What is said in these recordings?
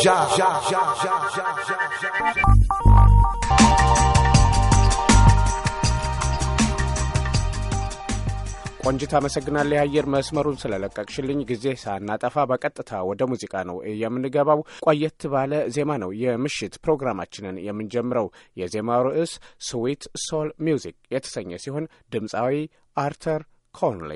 já, já, já, já, já, já, já. ቆንጅት አመሰግናለሁ የአየር መስመሩን ስለለቀቅሽልኝ። ጊዜ ሳናጠፋ በቀጥታ ወደ ሙዚቃ ነው የምንገባው። ቆየት ባለ ዜማ ነው የምሽት ፕሮግራማችንን የምንጀምረው። የዜማው ርዕስ ስዊት ሶል ሚውዚክ የተሰኘ ሲሆን ድምፃዊ አርተር ኮንሊ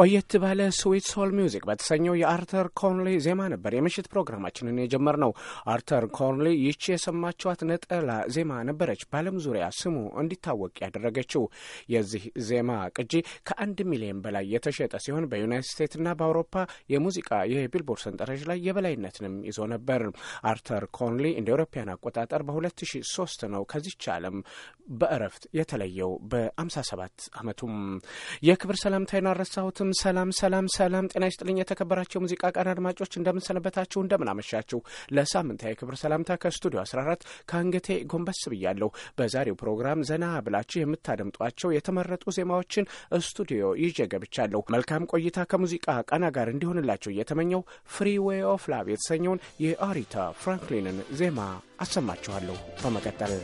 ቆየት ባለ ስዊት ሶል ሚውዚክ በተሰኘው የአርተር ኮንሊ ዜማ ነበር የምሽት ፕሮግራማችንን የጀመርነው። አርተር ኮንሊ ይቺ የሰማችኋት ነጠላ ዜማ ነበረች በዓለም ዙሪያ ስሙ እንዲታወቅ ያደረገችው። የዚህ ዜማ ቅጂ ከአንድ ሚሊዮን በላይ የተሸጠ ሲሆን በዩናይትድ ስቴትስና በአውሮፓ የሙዚቃ የቢልቦርድ ሰንጠረዥ ላይ የበላይነትንም ይዞ ነበር። አርተር ኮንሊ እንደ አውሮፓውያን አቆጣጠር በ2003 ነው ከዚች ዓለም በእረፍት የተለየው በ57 ዓመቱም የክብር ሰላምታይን አረሳሁትም ስም ሰላም ሰላም ሰላም፣ ጤና ይስጥልኝ የተከበራቸው የሙዚቃ ቀን አድማጮች እንደምንሰነበታችሁ፣ እንደምናመሻችሁ። ለሳምንታዊ ክብር ሰላምታ ከስቱዲዮ 14 ከአንገቴ ጎንበስ ብያለሁ። በዛሬው ፕሮግራም ዘና ብላችሁ የምታደምጧቸው የተመረጡ ዜማዎችን ስቱዲዮ ይዤ ገብቻለሁ። መልካም ቆይታ ከሙዚቃ ቀና ጋር እንዲሆንላቸው እየተመኘው ፍሪዌይ ኦፍ ላቭ የተሰኘውን የአሪታ ፍራንክሊንን ዜማ አሰማችኋለሁ በመቀጠል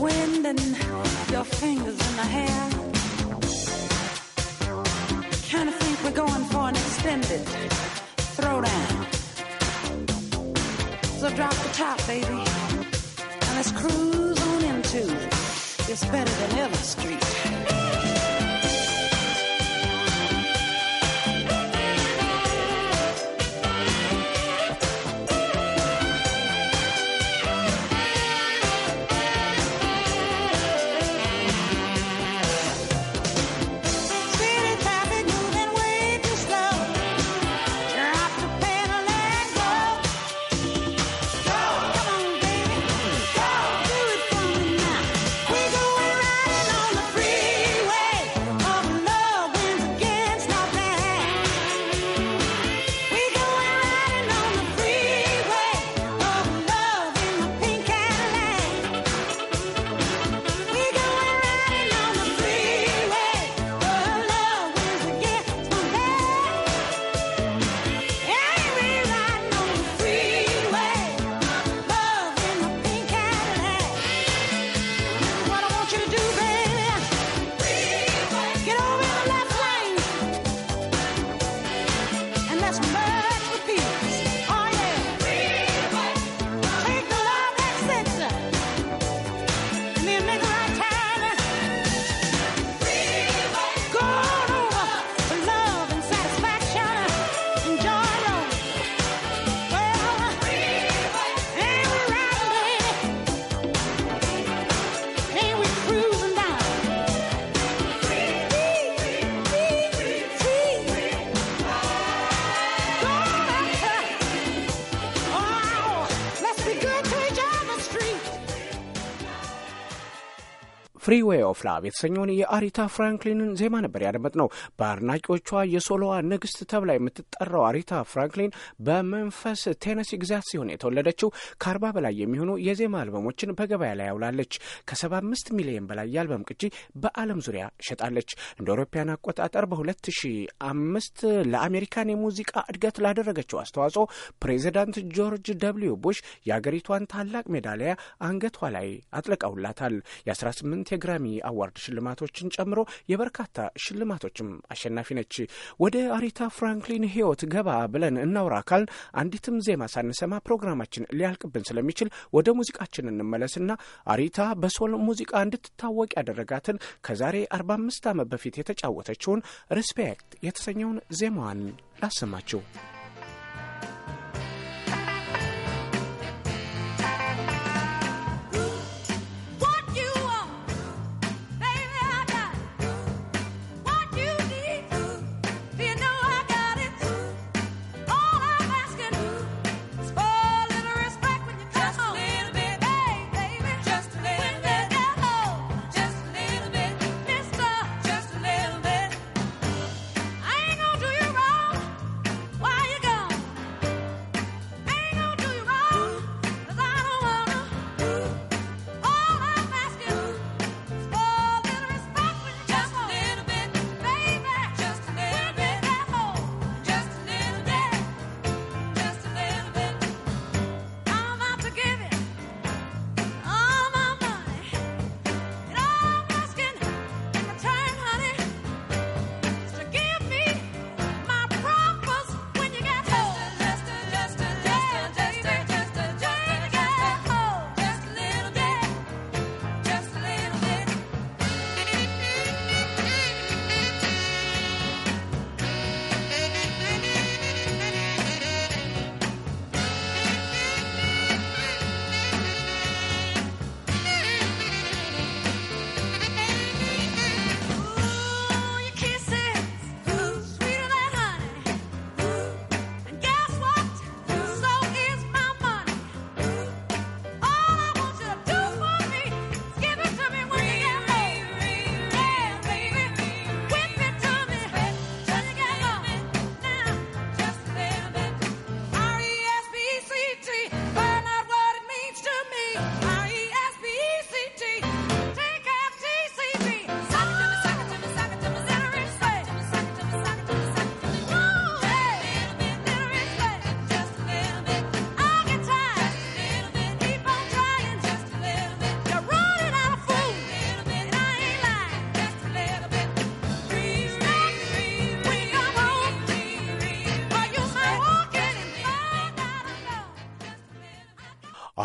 wind and your fingers in the hair. Kinda think we're going for an extended throwdown. So drop the top, baby, and let's cruise on into. It's better than Ella Street. ፍሪዌይ ኦፍ ላቭ የተሰኘውን የአሪታ ፍራንክሊንን ዜማ ነበር ያደመጥ ነው። በአድናቂዎቿ የሶሎዋ ንግስት ተብላ የምትጠራው አሪታ ፍራንክሊን በመንፈስ ቴነሲ ግዛት ሲሆን የተወለደችው ከአርባ በላይ የሚሆኑ የዜማ አልበሞችን በገበያ ላይ ያውላለች። ከሰባ አምስት ሚሊዮን በላይ የአልበም ቅጂ በዓለም ዙሪያ ሸጣለች። እንደ አውሮፓውያን አቆጣጠር በሁለት ሺ አምስት ለአሜሪካን የሙዚቃ እድገት ላደረገችው አስተዋጽኦ ፕሬዚዳንት ጆርጅ ደብልዩ ቡሽ የአገሪቷን ታላቅ ሜዳሊያ አንገቷ ላይ አጥለቀውላታል። የ18 የግራሚ አዋርድ ሽልማቶችን ጨምሮ የበርካታ ሽልማቶችም አሸናፊ ነች። ወደ አሪታ ፍራንክሊን ህይወት ገባ ብለን እናውራ ካልን አንዲትም ዜማ ሳንሰማ ፕሮግራማችን ሊያልቅብን ስለሚችል ወደ ሙዚቃችን እንመለስና አሪታ በሶል ሙዚቃ እንድትታወቅ ያደረጋትን ከዛሬ 45 ዓመት በፊት የተጫወተችውን ሪስፔክት የተሰኘውን ዜማዋን ላሰማችሁ።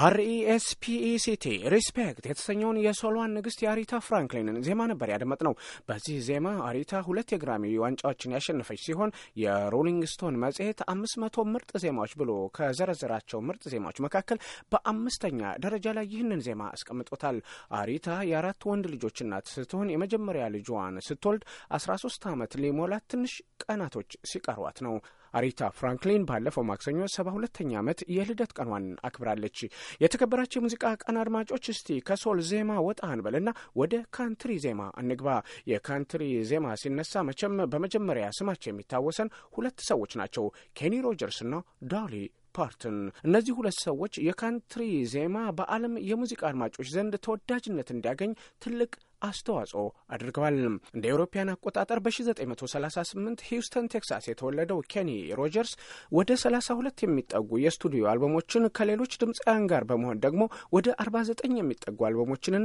አርኢኤስፒኢሲቲ ሪስፔክት e e የተሰኘውን የሶሎዋን ንግስት የአሪታ ፍራንክሊንን ዜማ ነበር ያደመጥ ነው። በዚህ ዜማ አሪታ ሁለት የግራሚ ዋንጫዎችን ያሸነፈች ሲሆን የሮሊንግ ስቶን መጽሔት አምስት መቶ ምርጥ ዜማዎች ብሎ ከዘረዘራቸው ምርጥ ዜማዎች መካከል በአምስተኛ ደረጃ ላይ ይህንን ዜማ አስቀምጦታል። አሪታ የአራት ወንድ ልጆች እናት ስትሆን የመጀመሪያ ልጇን ስትወልድ አስራ ሶስት ዓመት ሊሞላት ትንሽ ቀናቶች ሲቀሯት ነው። አሪታ ፍራንክሊን ባለፈው ማክሰኞ ሰባ ሁለተኛ ዓመት የልደት ቀኗን አክብራለች። የተከበራቸው የሙዚቃ ቀን አድማጮች፣ እስቲ ከሶል ዜማ ወጣ እንበልና ወደ ካንትሪ ዜማ እንግባ። የካንትሪ ዜማ ሲነሳ መቼም በመጀመሪያ ስማቸው የሚታወሰን ሁለት ሰዎች ናቸው፣ ኬኒ ሮጀርስና ዳሊ ፓርትን። እነዚህ ሁለት ሰዎች የካንትሪ ዜማ በዓለም የሙዚቃ አድማጮች ዘንድ ተወዳጅነት እንዲያገኝ ትልቅ አስተዋጽኦ አድርገዋል። እንደ አውሮፓውያን አቆጣጠር በ1938 ሂውስተን ቴክሳስ የተወለደው ኬኒ ሮጀርስ ወደ 32 የሚጠጉ የስቱዲዮ አልበሞችን ከሌሎች ድምፃውያን ጋር በመሆን ደግሞ ወደ 49 የሚጠጉ አልበሞችንና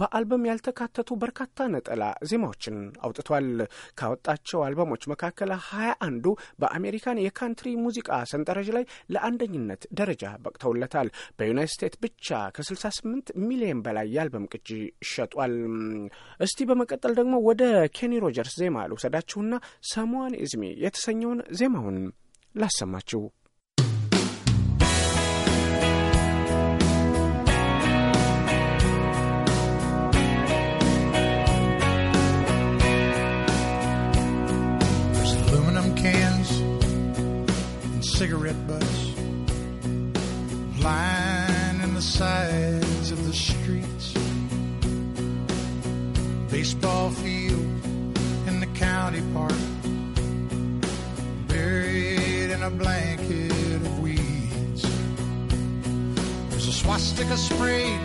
በአልበም ያልተካተቱ በርካታ ነጠላ ዜማዎችን አውጥቷል። ካወጣቸው አልበሞች መካከል ሀያ አንዱ በአሜሪካን የካንትሪ ሙዚቃ ሰንጠረዥ ላይ ለአንደኝነት ደረጃ በቅተውለታል። በዩናይት ስቴትስ ብቻ ከ68 ሚሊዮን በላይ የአልበም ቅጂ ሸጧል። እስቲ በመቀጠል ደግሞ ወደ ኬኒ ሮጀርስ ዜማ ልውሰዳችሁና ሰሞን ኢዝሚ የተሰኘውን ዜማውን ላሰማችሁ። Cigarette butt. in a blanket of weeds. There's a swastika sprayed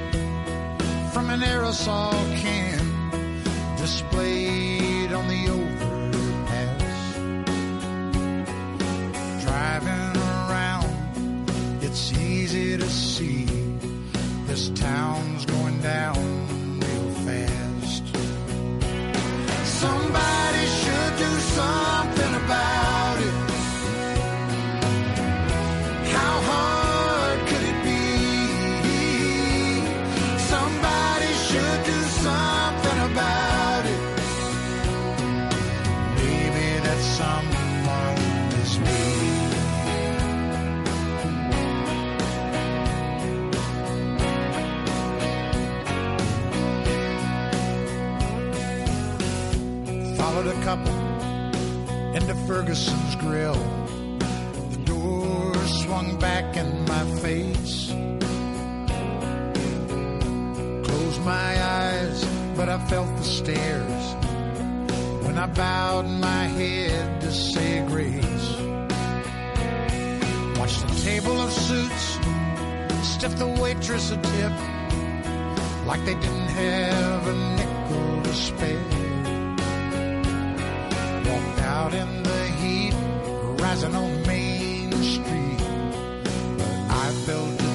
from an aerosol can displayed on the overpass. Driving around, it's easy to see this town. felt the stairs when I bowed my head to say a grace. Watched the table of suits stiff the waitress a tip like they didn't have a nickel to spare. Walked out in the heat, rising on Main Street. I felt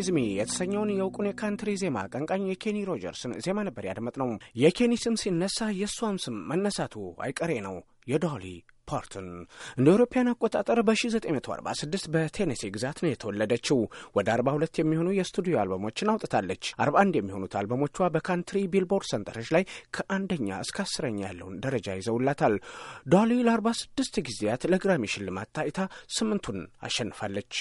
ኢዝ የተሰኘውን የእውቁን የካንትሪ ዜማ አቀንቃኝ የኬኒ ሮጀርስን ዜማ ነበር ያደመጥነው። የኬኒ ስም ሲነሳ የእሷም ስም መነሳቱ አይቀሬ ነው። የዶሊ ፓርተን እንደ አውሮፓውያን አቆጣጠር በ1946 በቴኔሲ ግዛት ነው የተወለደችው። ወደ 42 የሚሆኑ የስቱዲዮ አልበሞችን አውጥታለች። 41 የሚሆኑት አልበሞቿ በካንትሪ ቢልቦርድ ሰንጠረዥ ላይ ከአንደኛ እስከ አስረኛ ያለውን ደረጃ ይዘውላታል። ዶሊ ለ46 ጊዜያት ለግራሚ ሽልማት ታይታ ስምንቱን አሸንፋለች።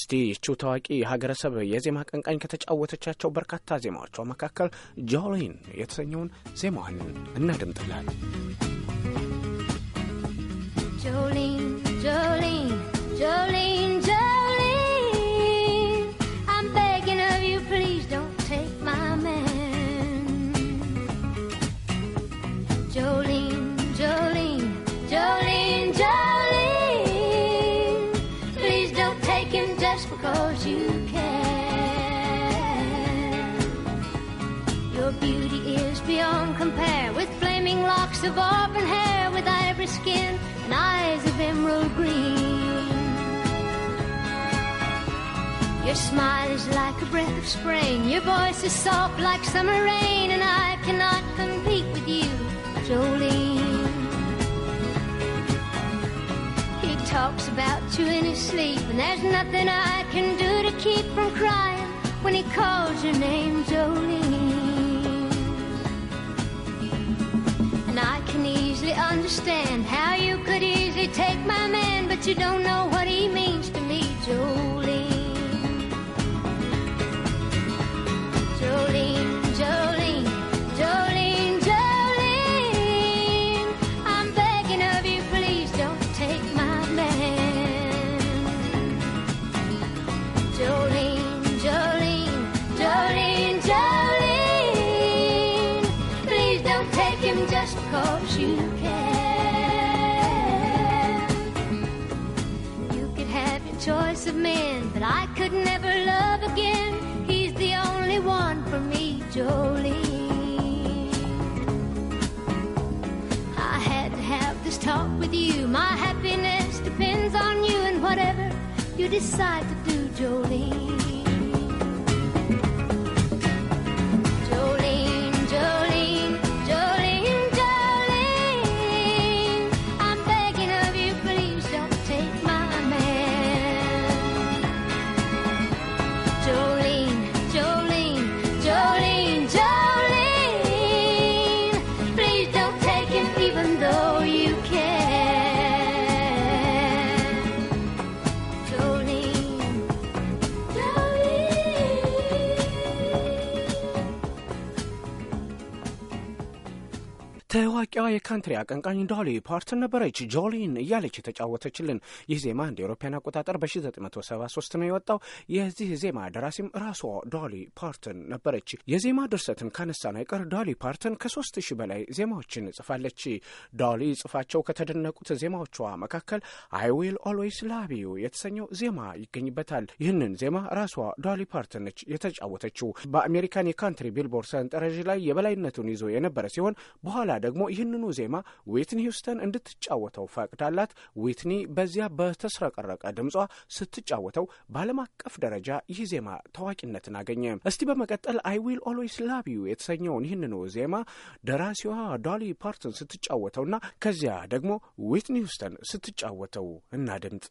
እስቲ ይቺው ታዋቂ ሀገረሰብ የዜማ አቀንቃኝ ከተጫወተቻቸው በርካታ ዜማዎቿ መካከል ጆሊን የተሰኘውን ዜማዋን እናድምጥላል። Jolene, Jolene, Jolene, Jolene. I'm begging of you, please don't take my man. Jolene, Jolene, Jolene, Jolene. Please don't take him just because you can. Your beauty is beyond compare with flaming locks of auburn hair with ivory skin and eyes of emerald green. Your smile is like a breath of spring, your voice is soft like summer rain, and I cannot compete with you, Jolene. He talks about you in his sleep, and there's nothing I can do to keep from crying when he calls your name, Jolene. understand how you could easily take my man, but you don't know what he means. again. He's the only one for me, Jolene. I had to have this talk with you. My happiness depends on you and whatever you decide to do, Jolene. የካንትሪ አቀንቃኝ ዶሊ ፓርትን ነበረች ጆሊን እያለች የተጫወተችልን። ይህ ዜማ እንደ ኤሮፓያን አቆጣጠር በ1973 ነው የወጣው። የዚህ ዜማ ደራሲም ራሷ ዶሊ ፓርትን ነበረች። የዜማ ድርሰትን ካነሳን አይቀር ዶሊ ፓርትን ከሶስት ሺህ በላይ ዜማዎችን ጽፋለች። ዶሊ ጽፋቸው ከተደነቁት ዜማዎቿ መካከል አይ ዊል ኦልዌይስ ላቭ ዩ የተሰኘው ዜማ ይገኝበታል። ይህንን ዜማ ራሷ ዶሊ ፓርትን ነች የተጫወተችው። በአሜሪካን የካንትሪ ቢልቦርድ ሰንጠረዥ ላይ የበላይነቱን ይዞ የነበረ ሲሆን በኋላ ደግሞ ይህንኑ ዜማ ዊትኒ ሂውስተን እንድትጫወተው ፈቅዳላት። ዊትኒ በዚያ በተስረቀረቀ ድምጿ ስትጫወተው በዓለም አቀፍ ደረጃ ይህ ዜማ ታዋቂነትን አገኘ። እስቲ በመቀጠል አይ ዊል ኦልዌይስ ላቭ ዩ የተሰኘውን ይህንኑ ዜማ ደራሲዋ ዶሊ ፓርትን ስትጫወተውና ከዚያ ደግሞ ዊትኒ ሂውስተን ስትጫወተው እናድምጥ።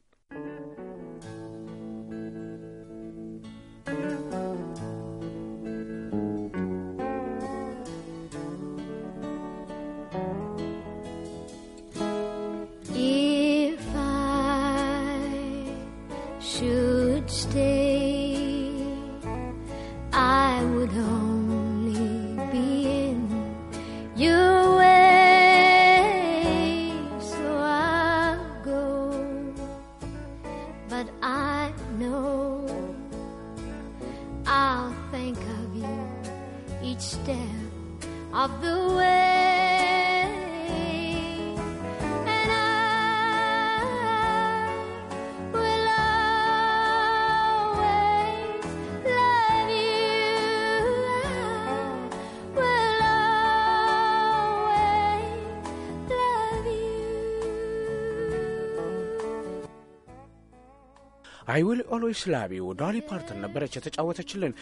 of the way, and I will always love you. I will always love you. I will always love you. ዳሊ ፓርተን ነበረች የተጫወተችልን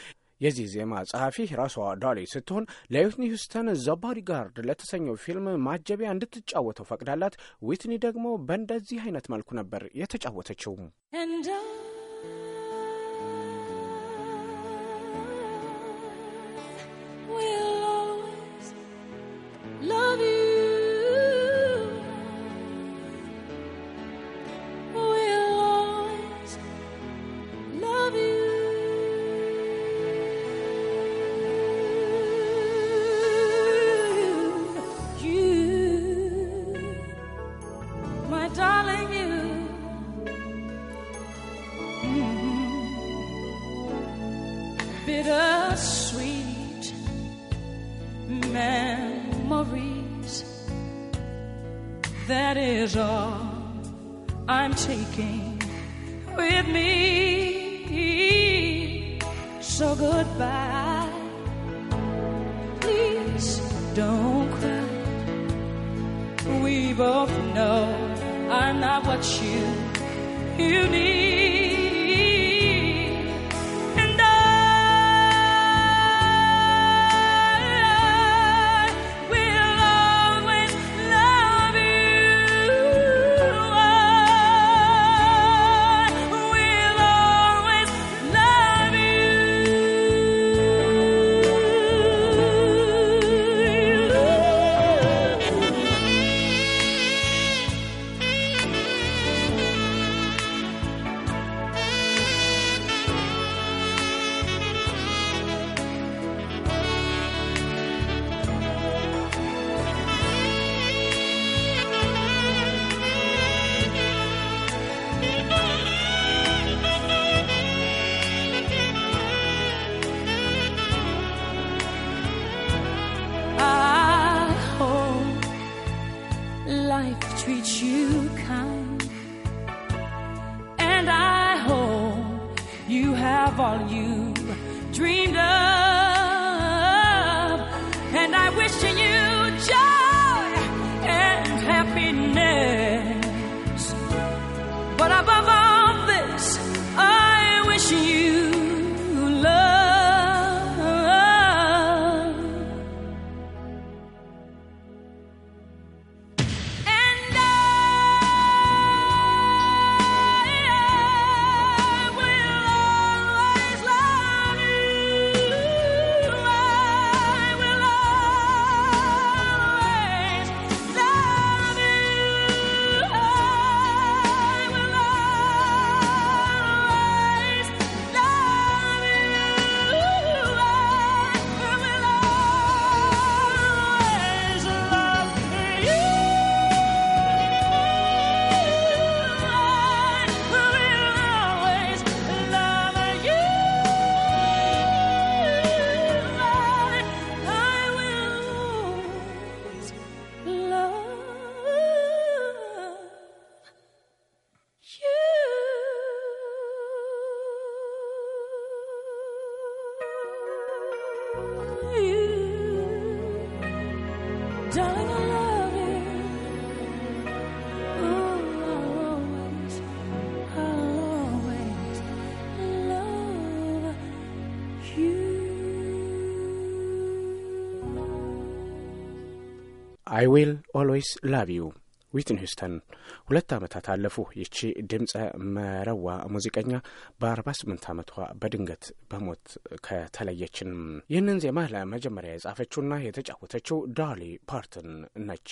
የዚህ ዜማ ጸሐፊ ራሷ ዳሊ ስትሆን ለዊትኒ ሁስተን ዘባዲ ጋርድ ለተሰኘው ፊልም ማጀቢያ እንድትጫወተው ፈቅዳላት። ዊትኒ ደግሞ በእንደዚህ አይነት መልኩ ነበር የተጫወተችው። Love you. memories. That is all I'm taking with me. So goodbye. Please don't cry. We both know I'm not what you you need. I will always love you. ዊትን ሂውስተን። ሁለት ዓመታት አለፉ። ይቺ ድምፀ መረዋ ሙዚቀኛ በ48 ዓመቷ በድንገት በሞት ከተለየችን። ይህንን ዜማ ለመጀመሪያ የጻፈችውና የተጫወተችው ዳሊ ፓርትን ነች።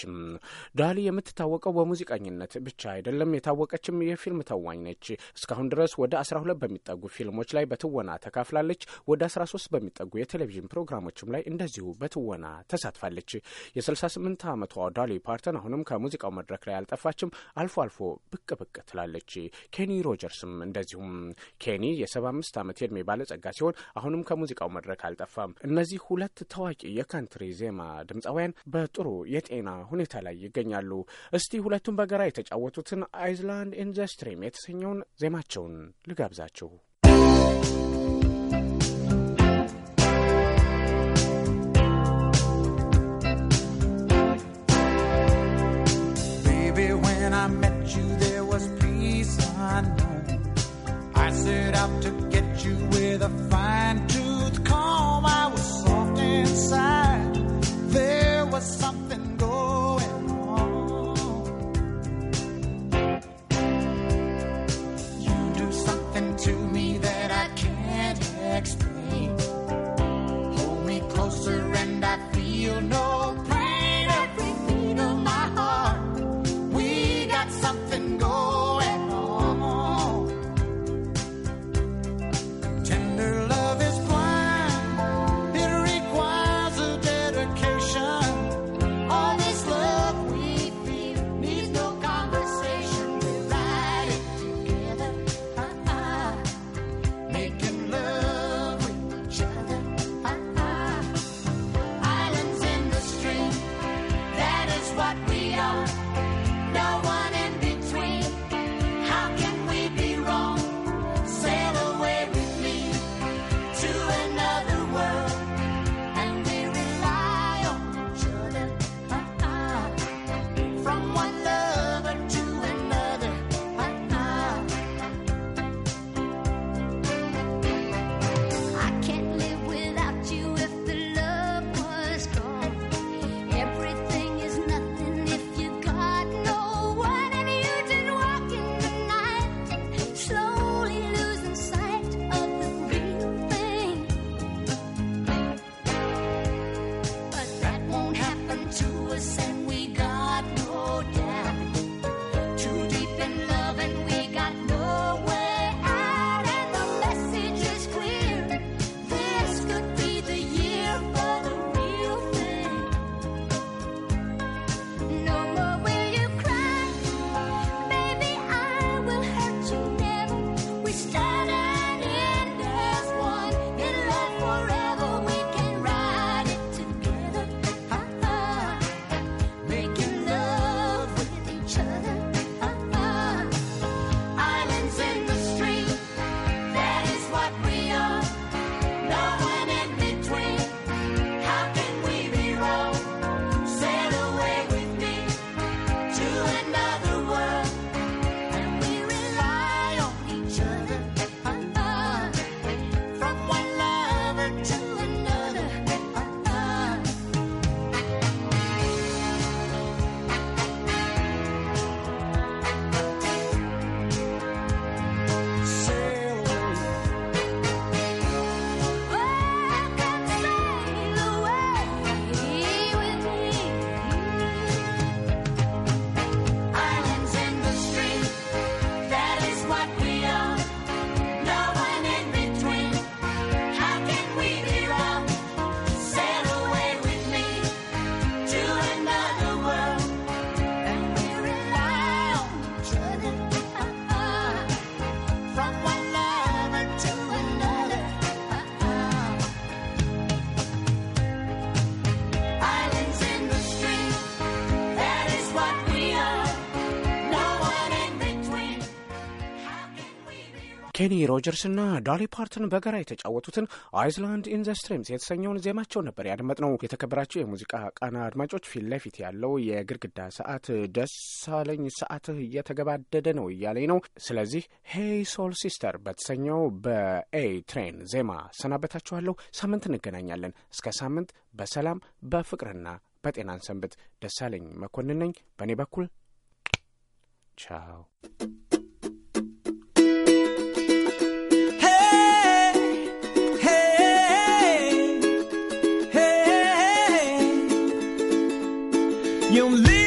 ዳሊ የምትታወቀው በሙዚቀኝነት ብቻ አይደለም። የታወቀችም የፊልም ተዋኝ ነች። እስካሁን ድረስ ወደ 12 በሚጠጉ ፊልሞች ላይ በትወና ተካፍላለች። ወደ 13 በሚጠጉ የቴሌቪዥን ፕሮግራሞችም ላይ እንደዚሁ በትወና ተሳትፋለች። የ68 ዓመቷ ዳሊ ፓርተን አሁንም ከሙዚቃው መድረ መድረክ ላይ አልጠፋችም፣ አልፎ አልፎ ብቅ ብቅ ትላለች። ኬኒ ሮጀርስም እንደዚሁም። ኬኒ የሰባ አምስት ዓመት የዕድሜ ባለጸጋ ሲሆን አሁንም ከሙዚቃው መድረክ አልጠፋም። እነዚህ ሁለት ታዋቂ የካንትሪ ዜማ ድምፃውያን በጥሩ የጤና ሁኔታ ላይ ይገኛሉ። እስቲ ሁለቱም በጋራ የተጫወቱትን አይዝላንድ ኢንዘስትሪም የተሰኘውን ዜማቸውን ልጋብዛችሁ። I met you, there was peace unknown. I set out to get you with a fine ኬኒ ሮጀርስና ዳሊ ፓርትን በጋራ የተጫወቱትን አይስላንድ ኢን ዘ ስትሪምስ የተሰኘውን ዜማቸውን ነበር ያደመጥነው። የተከበራቸው የሙዚቃ ቃና አድማጮች ፊት ለፊት ያለው የግድግዳ ሰዓት ደሳለኝ ሰዓትህ እየተገባደደ ነው እያለኝ ነው። ስለዚህ ሄይ ሶል ሲስተር በተሰኘው በኤ ትሬን ዜማ ሰናበታችኋለሁ። ሳምንት እንገናኛለን። እስከ ሳምንት በሰላም በፍቅርና በጤናን ሰንብት። ደሳለኝ መኮንን ነኝ። በእኔ በኩል ቻው። You live